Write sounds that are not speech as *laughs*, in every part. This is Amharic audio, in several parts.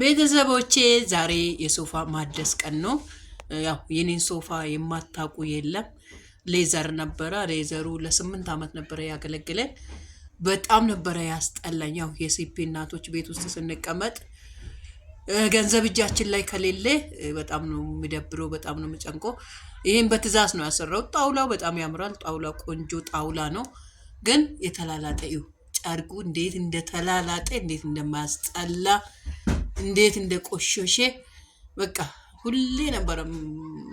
ቤተሰቦቼ ዛሬ የሶፋ ማደስ ቀን ነው። ያው የኔን ሶፋ የማታውቁ የለም። ሌዘር ነበረ። ሌዘሩ ለስምንት ዓመት ነበረ ያገለግለን። በጣም ነበረ ያስጠላኝ። ያው የሲፒ እናቶች ቤት ውስጥ ስንቀመጥ ገንዘብ እጃችን ላይ ከሌለ በጣም ነው የሚደብረው፣ በጣም ነው የሚጨንቆ። ይህም በትዛዝ ነው ያሰራው። ጣውላው በጣም ያምራል። ጣውላ ቆንጆ ጣውላ ነው፣ ግን የተላላጠ ጨርቁ እንዴት እንደተላላጠ እንዴት እንደማያስጠላ እንዴት እንደቆሸሸ በቃ ሁሌ ነበረ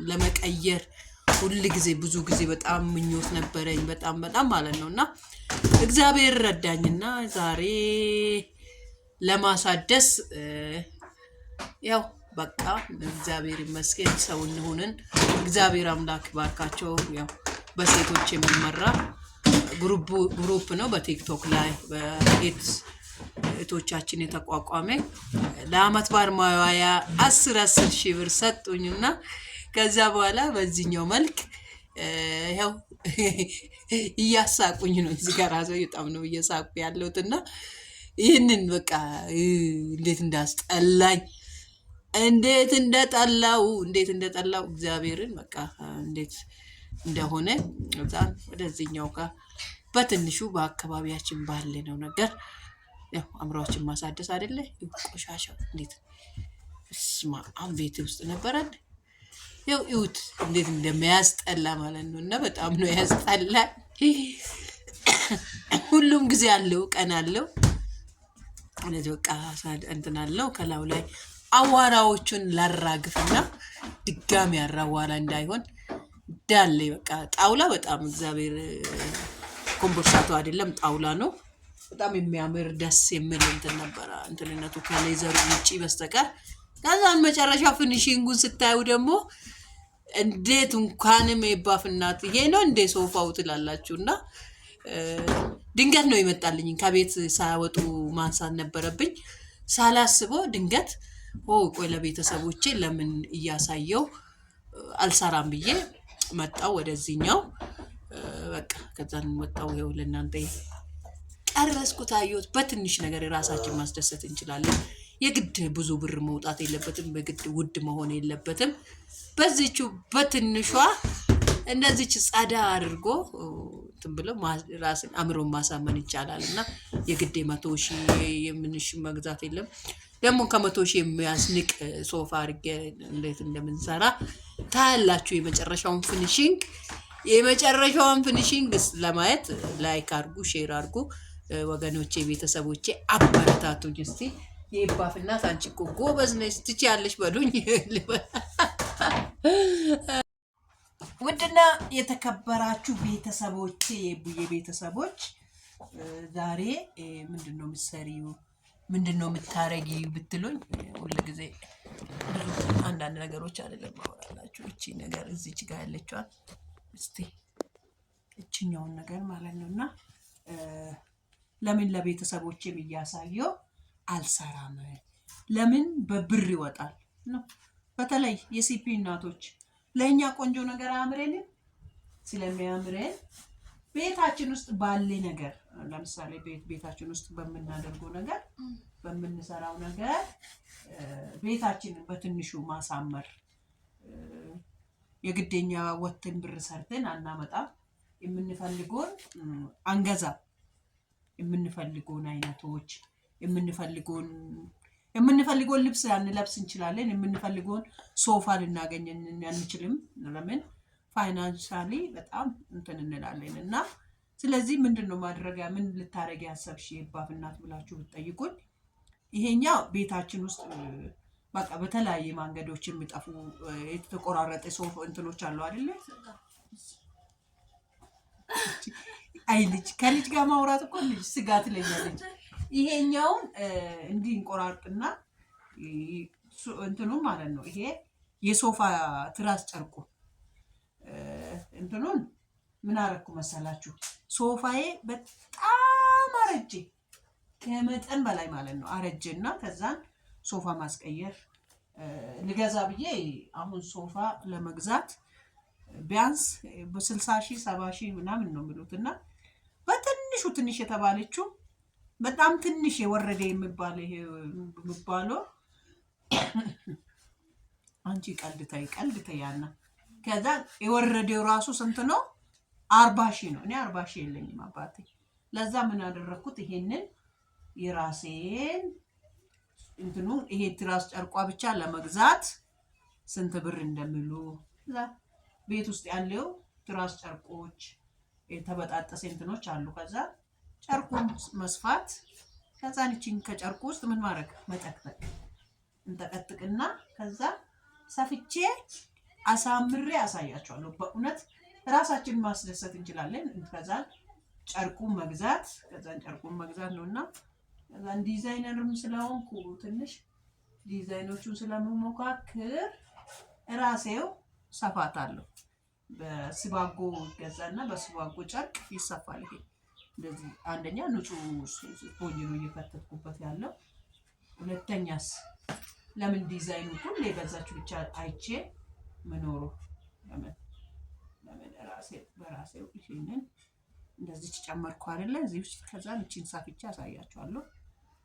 ለመቀየር ሁል ጊዜ ብዙ ጊዜ በጣም ምኞት ነበረኝ። በጣም በጣም ማለት ነው። እና እግዚአብሔር ረዳኝና ዛሬ ለማሳደስ ያው በቃ እግዚአብሔር ይመስገን ሰው እንሆንን። እግዚአብሔር አምላክ ባርካቸው። ያው በሴቶች የሚመራ ግሩፕ ነው በቲክቶክ ላይ በሄድ እህቶቻችን የተቋቋመ ለአመት ባር ማዋያ አስር አስር ሺህ ብር ሰጡኝና ከዛ በኋላ በዚህኛው መልክ ይኸው እያሳቁኝ ነው። እዚህ ጋር ሰው በጣም ነው እየሳቁ ያለሁት እና ይህንን በቃ እንዴት እንዳስጠላኝ እንዴት እንደጠላው እንዴት እንደጠላው እግዚአብሔርን በቃ እንዴት እንደሆነ በጣም ወደዚህኛው ጋር በትንሹ በአካባቢያችን ባለ ነው ነገር ያው አእምሯችን ማሳደስ አይደለ? ቆሻሻው እንዴት ስማ ቤት ውስጥ ነበረን። ያው እዩት እንዴት እንደሚያስጠላ ማለት ነው። እና በጣም ነው ያስጠላ። ሁሉም ጊዜ አለው፣ ቀን አለው፣ እነዚህ በቃ እንትን አለው። ከላዩ ላይ አዋራዎቹን ላራግፍና ድጋሚ ያራ እንዳይሆን ዳለ በቃ ጣውላ በጣም እግዚአብሔር ኮምቦርሳቶ አይደለም ጣውላ ነው። በጣም የሚያምር ደስ የሚል እንትን ነበረ እንትንነቱ ከሌዘሩ ውጭ በስተቀር ከዛን መጨረሻ ፊኒሺንጉን ስታዩ ደግሞ እንዴት እንኳንም የባፍናት ይሄ ነው እንዴ ሶፋው ትላላችሁ እና ድንገት ነው ይመጣልኝ ከቤት ሳያወጡ ማንሳት ነበረብኝ ሳላስበው ድንገት ኦ ቆይ ለቤተሰቦቼ ለምን እያሳየው አልሰራም ብዬ መጣው ወደዚህኛው በቃ ከዛን መጣው ይኸው ለእናንተ ጨረስኩት አየሁት። በትንሽ ነገር የራሳችን ማስደሰት እንችላለን። የግድ ብዙ ብር መውጣት የለበትም። በግድ ውድ መሆን የለበትም። በዚቹ በትንሿ እነዚች ጸዳ አድርጎ እንትን ብሎ ራስን አእምሮን ማሳመን ይቻላል። እና የግድ መቶ ሺህ የምንሽ መግዛት የለም። ደግሞ ከመቶ ሺህ የሚያስንቅ ሶፋ አድርጌ እንዴት እንደምንሰራ ታያላችሁ። የመጨረሻውን ፊኒሽንግ የመጨረሻውን ፊኒሽንግ ለማየት ላይክ አድርጉ፣ ሼር አድርጉ። ወገኖቼ፣ ቤተሰቦቼ አበረታቱኝ እስቲ። የባፍ እናት አንቺ እኮ ጎበዝ ነሽ ትችያለሽ በሉኝ። *laughs* ውድና የተከበራችሁ ቤተሰቦቼ፣ የቡዬ ቤተሰቦች ዛሬ ምንድን ነው የምትሰሪው? ምንድን ነው የምታረጊ ብትሉኝ፣ ጊዜ አንዳንድ ነገሮች አይደለም ማወራላችሁ። እቺ ነገር እዚች ጋር ያለችዋል እስቲ እችኛውን ነገር ማለት ነው እና ለምን ለቤተሰቦች የሚያሳየው አልሰራም? ለምን በብር ይወጣል ነው። በተለይ የሲፒ እናቶች ለእኛ ቆንጆ ነገር አያምረንም? ስለሚያምረን ቤታችን ውስጥ ባለ ነገር ለምሳሌ ቤት ቤታችን ውስጥ በምናደርገው ነገር በምንሰራው ነገር ቤታችንን በትንሹ ማሳመር የግደኛ ወትን ብር ሰርተን አናመጣም። የምንፈልገውን አንገዛም። የምንፈልገውን አይነቶች የምንፈልገውን የምንፈልገውን ልብስ አንለብስ እንችላለን። የምንፈልገውን ሶፋ ልናገኝ አንችልም። ለምን ፋይናንሻሊ በጣም እንትን እንላለን። እና ስለዚህ ምንድን ነው ማድረጊያ ምን ልታደረግ ያሰብሽ የባፍ እናት ብላችሁ ብትጠይቁኝ ይሄኛው ቤታችን ውስጥ በቃ በተለያየ መንገዶች የሚጠፉ የተቆራረጠ ሶፋ እንትኖች አሉ አይደለ አይ ልጅ ከልጅ ጋር ማውራት እኮ ልጅ ስጋት ለኛለች። ይሄኛውን እንዲህ እንቆራርጥና እንትኑ ማለት ነው። ይሄ የሶፋ ትራስ ጨርቁ እንትኑን ምን አረኩ መሰላችሁ? ሶፋዬ በጣም አረጀ፣ ከመጠን በላይ ማለት ነው። አረጀ እና ከዛን ሶፋ ማስቀየር ልገዛ ብዬ አሁን ሶፋ ለመግዛት ቢያንስ በስልሳ ሺህ ሰባ ሺህ ምናምን ነው የሚሉት እና ትንሹ ትንሽ የተባለችው በጣም ትንሽ የወረደ የሚባለው ይሄ *coughs* አንቺ ቀልድታይ ቀልድታይ ያና ከዛ የወረደው ራሱ ስንት ነው? አርባ ሺህ ነው። እኔ አርባ ሺህ የለኝም አባቴ። ለዛ ምን አደረግኩት? ይሄንን የራሴን እንትኑ ይሄ ትራስ ጨርቋ ብቻ ለመግዛት ስንት ብር እንደምሉ ቤት ውስጥ ያለው ትራስ ጨርቆች የተበጣጠሰ እንትኖች አሉ። ከዛ ጨርቁን መስፋት ከዛን ይችን ከጨርቁ ውስጥ ምን ማድረግ መጠቅጠቅ እንጠቀጥቅና ከዛ ሰፍቼ አሳምሬ አሳያቸዋለሁ። በእውነት ራሳችን ማስደሰት እንችላለን። ከዛ ጨርቁን መግዛት ከዛን ጨርቁን መግዛት ነው እና ከዛን ዲዛይነርም ስለሆንኩ ትንሽ ዲዛይኖቹን ስለምሞካክር ራሴው ሰፋታለሁ። በሲባጎ ይገዛና በሲባጎ ጨርቅ ይሰፋል። ይሄ እንደዚህ አንደኛ ንጹህ ቦኝ ነው እየፈተትኩበት ያለው። ሁለተኛስ ለምን ዲዛይኑ ሁሌ በዛችሁ ብቻ አይቼ ምኖሩ ለምን ለምን ራሴ በራሴ ይሄንን እንደዚህ ጨመርኩ አይደለ? እዚህ ውስጥ ከዛ ልቺን ሳፍቼ አሳያችኋለሁ።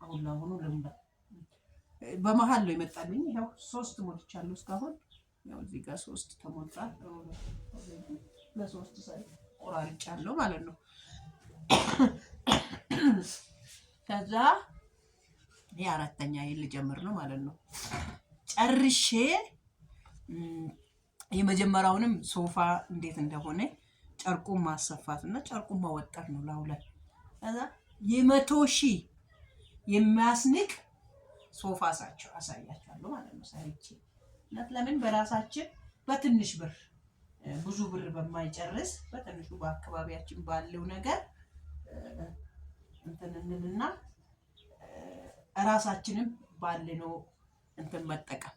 አሁን ለአሁኑ ልምባ በመሀል ነው የመጣልኝ። ይኸው ሶስት ሞልቻለሁ እስካሁን ያው እዚህ ጋር ሶስት ተሞልቷል። ለሶስት ሳይ ቆራርጫለሁ ማለት ነው። ከዛ ልጀምር ነው ማለት ነው። ጨርሼ የመጀመሪያውንም ሶፋ እንዴት እንደሆነ ጨርቁን ማሰፋት እና ጨርቁን ማወጠር ነው ለሁለት። ከዛ የመቶ ሺህ የሚያስንቅ ሶፋ ሳቸው አሳያቸዋለሁ ማለት ነው ሰርቼ ለምን በራሳችን በትንሽ ብር ብዙ ብር በማይጨርስ በትንሹ በአካባቢያችን ባለው ነገር እንትን እንልና ባለ ነው እንትን መጠቀም።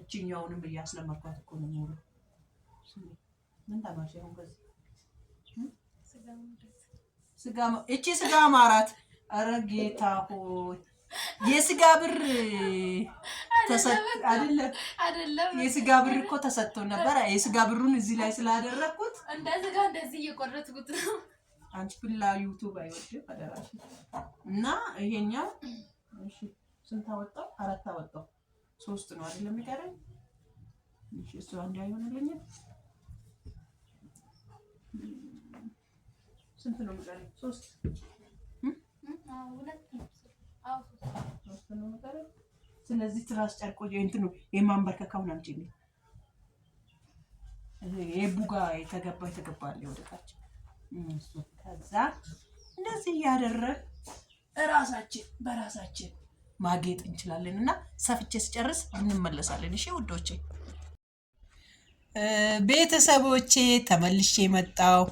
እችኛውንም እያስለመርኳት እኮ ነው ሙሉ ምን ታማሽ አሁን ከዚህ ስጋ እቺ ስጋ ማራት። ኧረ ጌታ ሆይ የስጋ ብር አይደለም። የስጋ ብር እኮ ተሰጥቶ ነበር። የስጋ ብሩን እዚህ ላይ ስላደረግኩት እንደ እንደዚህ እየቆረጥኩት ነው። አንቺ ብላ ዩቱብ አይወድም አደራሽ። እና ይሄኛው ስንት አወጣው? አራት አወጣው። ሶስት ነው አይደለም የሚቀረኝ። እሱ አንድ አይሆንልኝም። ስንት ነው የሚቀረኝ? ሶስት ሁለት ነው ስለዚህ ትራስ ጨርቆ እንትኑ የማንበርከካውን አምጪኝ። የቡጋ የተገባ የተገባ አለ ከዛ እንደዚህ እያደረግ እራሳችን በራሳችን ማጌጥ እንችላለን። እና ሰፍቼ ስጨርስ እንመለሳለን። እሺ ውዶቼ ቤተሰቦቼ ተመልሼ መጣው።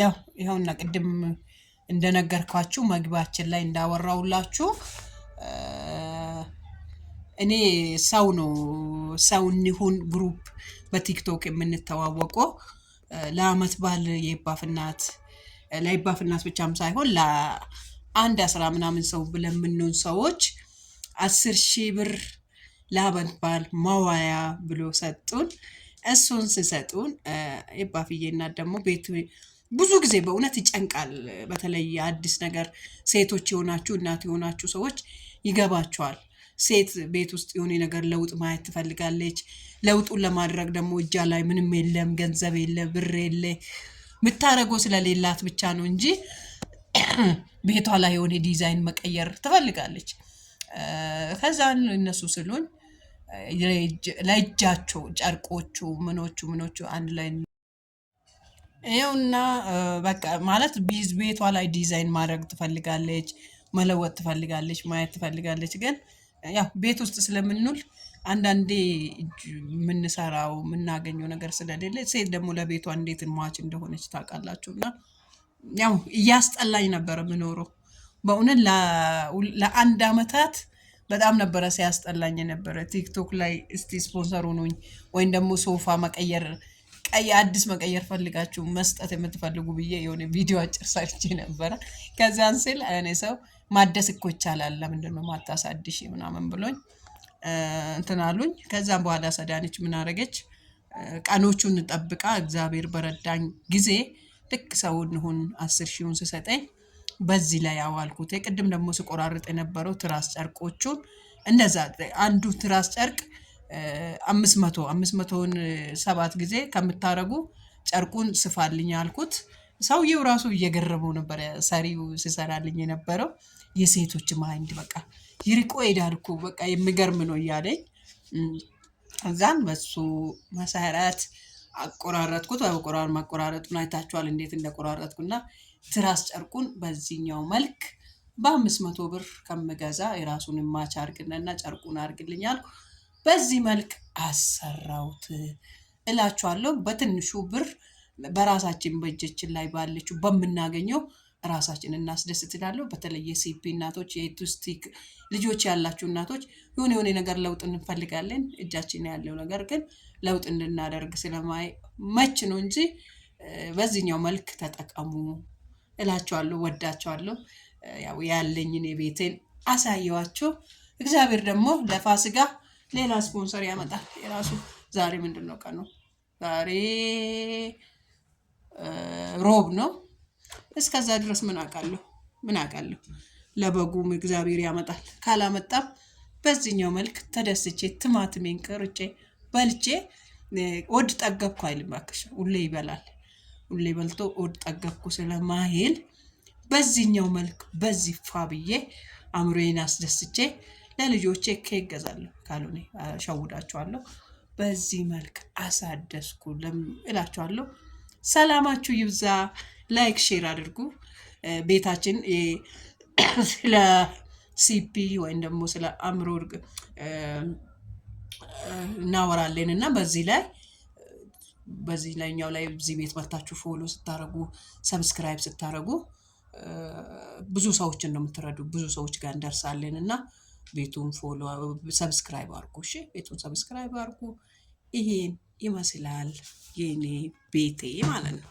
ያው ይኸውና ቅድም እንደነገርኳችሁ መግባችን ላይ እንዳወራውላችሁ እኔ ሰው ነው ሰው እንሁን ግሩፕ በቲክቶክ የምንተዋወቀው ለአመት ባል የባፍናት ለይባፍናት ብቻም ሳይሆን ለአንድ አስራ ምናምን ሰው ብለን ሰዎች አስር ሺህ ብር ለአመት ባል ማዋያ ብሎ ሰጡን። እሱን ስሰጡን የባፍዬና ደግሞ ቤቱ ብዙ ጊዜ በእውነት ይጨንቃል። በተለይ አዲስ ነገር ሴቶች የሆናችሁ እናት የሆናችሁ ሰዎች ይገባቸዋል። ሴት ቤት ውስጥ የሆነ ነገር ለውጥ ማየት ትፈልጋለች። ለውጡን ለማድረግ ደግሞ እጃ ላይ ምንም የለም፣ ገንዘብ የለ፣ ብር የለ፣ የምታደርገው ስለሌላት ብቻ ነው እንጂ *clears throat* ቤቷ ላይ የሆነ ዲዛይን መቀየር ትፈልጋለች። ከዛን እነሱ ስሉኝ ለእጃቸው ጨርቆቹ፣ ምኖቹ ምኖቹ አንድ ላይ ይኸውና በቃ ማለት ቤቷ ላይ ዲዛይን ማድረግ ትፈልጋለች። መለወጥ ትፈልጋለች፣ ማየት ትፈልጋለች። ግን ያው ቤት ውስጥ ስለምንውል አንዳንዴ የምንሰራው የምናገኘው ነገር ስለሌለ ሴት ደግሞ ለቤቷ እንዴት ማች እንደሆነች ታውቃላችሁ። እና ያው እያስጠላኝ ነበረ የምኖረው በእውነት ለአንድ አመታት በጣም ነበረ ሲያስጠላኝ ነበረ። ቲክቶክ ላይ እስቲ ስፖንሰር ሆኑኝ ወይም ደግሞ ሶፋ መቀየር ቀይ አዲስ መቀየር ፈልጋችሁ መስጠት የምትፈልጉ ብዬ የሆነ ቪዲዮ አጭር ሰርቼ ነበረ። ከዚያን ስል እኔ ሰው ማደስ እኮ ይቻላል፣ ለምንድን ነው ማታሳድሽ ምናምን ብሎኝ እንትን አሉኝ። ከዛም በኋላ ሰዳነች ምን አረገች፣ ቀኖቹን ጠብቃ እግዚአብሔር በረዳኝ ጊዜ ልክ ሰው ሁን አስር ሺውን ስሰጠኝ በዚህ ላይ አዋልኩት። ቅድም ደግሞ ስቆራርጥ የነበረው ትራስ ጨርቆቹን እነዛ አንዱ ትራስ ጨርቅ አምስት መቶ አምስት መቶውን ሰባት ጊዜ ከምታረጉ ጨርቁን ስፋልኝ አልኩት። ሰውየው ራሱ እየገረመው ነበረ። ሰሪው ሲሰራልኝ የነበረው የሴቶች ማይንድ በቃ ይርቆ ሄዳል እኮ በቃ የሚገርም ነው እያለኝ እዛን በሱ መሰረት አቆራረጥኩት። በቆራር ማቆራረጡን አይታችኋል እንዴት እንደቆራረጥኩና ትራስ ጨርቁን በዚህኛው መልክ በአምስት መቶ ብር ከምገዛ የራሱን ማች አርግነና ጨርቁን አርግልኛል በዚህ መልክ አሰራውት እላችኋለሁ በትንሹ ብር በራሳችን በእጃችን ላይ ባለችው በምናገኘው ራሳችን እናስደስት እላለሁ። በተለይ የሲፒ እናቶች፣ የቱስቲክ ልጆች ያላችሁ እናቶች የሆነ የሆነ ነገር ለውጥ እንፈልጋለን። እጃችን ያለው ነገር ግን ለውጥ እንድናደርግ ስለማይ መች ነው እንጂ በዚህኛው መልክ ተጠቀሙ እላቸዋለሁ። ወዳቸዋለሁ። ያው ያለኝን የቤቴን አሳየዋቸው። እግዚአብሔር ደግሞ ለፋሲካ ሌላ ስፖንሰር ያመጣል። የራሱ ዛሬ ምንድን ነው ቀኑ ዛሬ ሮብ ነው። እስከዛ ድረስ ምን አውቃለሁ ምን አውቃለሁ። ለበጉም እግዚአብሔር ያመጣል። ካላመጣም በዚህኛው መልክ ተደስቼ ትማትሜን ቀርጬ በልቼ ወድ ጠገብኩ አይልም። እባክሽ ሁሌ ይበላል። ሁሌ በልቶ ወድ ጠገብኩ ስለማይል በዚህኛው መልክ በዚህ ፋ ብዬ አእምሮዬን አስደስቼ ለልጆቼ ኬክ ገዛለሁ፣ ካልሆነ በዚህ መልክ አሳደስኩ እላቸዋለሁ። ሰላማችሁ ይብዛ። ላይክ ሼር አድርጉ። ቤታችን ስለ ሲፒ ወይም ደግሞ ስለ አእምሮ እናወራለን እና በዚህ ላይ በዚህ ላይኛው ላይ እዚህ ቤት መታችሁ ፎሎ ስታደረጉ ሰብስክራይብ ስታደረጉ ብዙ ሰዎችን ነው የምትረዱ። ብዙ ሰዎች ጋር እንደርሳለን እና ቤቱን ፎሎ ሰብስክራይብ አርጉ። እሺ ቤቱን ሰብስክራይብ አርጉ። ይሄን ይመስላል የኔ ቤቴ ማለት ነው።